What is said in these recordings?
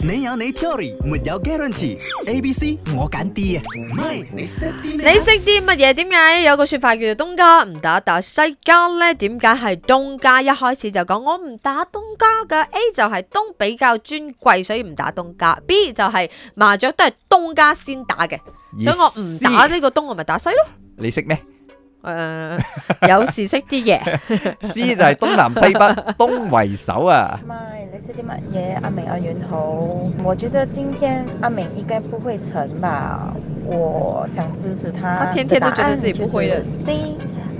你有你 theory，沒有 guarantee ABC?。A、B、C 我揀 D 啊，唔係你識啲咩？你識啲乜嘢？點解有個說法叫做東家唔打，打西家咧？點解係東家一開始就講我唔打東家嘅？A 就係東比較尊貴，所以唔打東家。B 就係麻雀都係東家先打嘅，yes. 所以我唔打呢個東，我咪打西咯。你識咩？誒、 uh,，有時識啲嘢，C 就係東南西北，東為首啊。阿明阿遠好，我覺得今天阿明應該不會沉吧，我想支持他。他天天都覺得自己不會。C。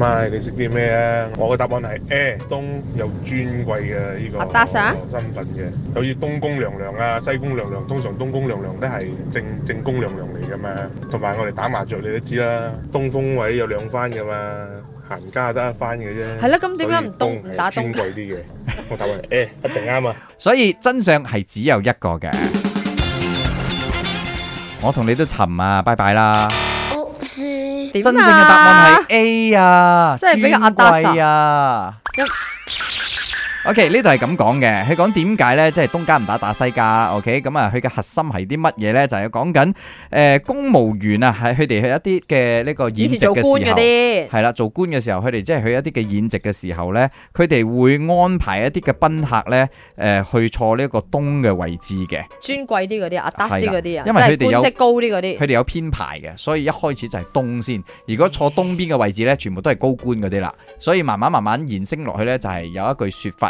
唔係，你識啲咩啊？我嘅答案係 A 東有尊貴嘅呢個身份嘅，好似東宮娘娘啊，西宮娘娘，通常東宮娘娘都係正正宮娘娘嚟噶嘛。同埋我哋打麻雀，你都知啦，東風位有兩番噶嘛，行家得一番嘅啫。係啦，咁點解唔東打東貴啲嘅？我答案係 A，一定啱啊。所以真相係只有一個嘅。我同你都沉啊，拜拜啦。啊、真正嘅答案係 a 啊，真係比較貴啊。OK，呢度係咁講嘅，佢講點解咧？即係東家唔打打西家。OK，咁啊，佢嘅核心係啲乜嘢咧？就係講緊誒，公務員啊，係佢哋去一啲嘅呢個演席嘅時候，係啦，做官嘅時候，佢哋即係去一啲嘅演席嘅時候咧，佢哋會安排一啲嘅賓客咧，誒，去坐呢一個東嘅位置嘅，尊貴啲嗰啲啊，達斯嗰啲啊，即係官職高啲嗰啲，佢哋有編排嘅，所以一開始就係東先。如果坐東邊嘅位置咧，全部都係高官嗰啲啦，所以慢慢慢慢延伸落去咧，就係有一句說法。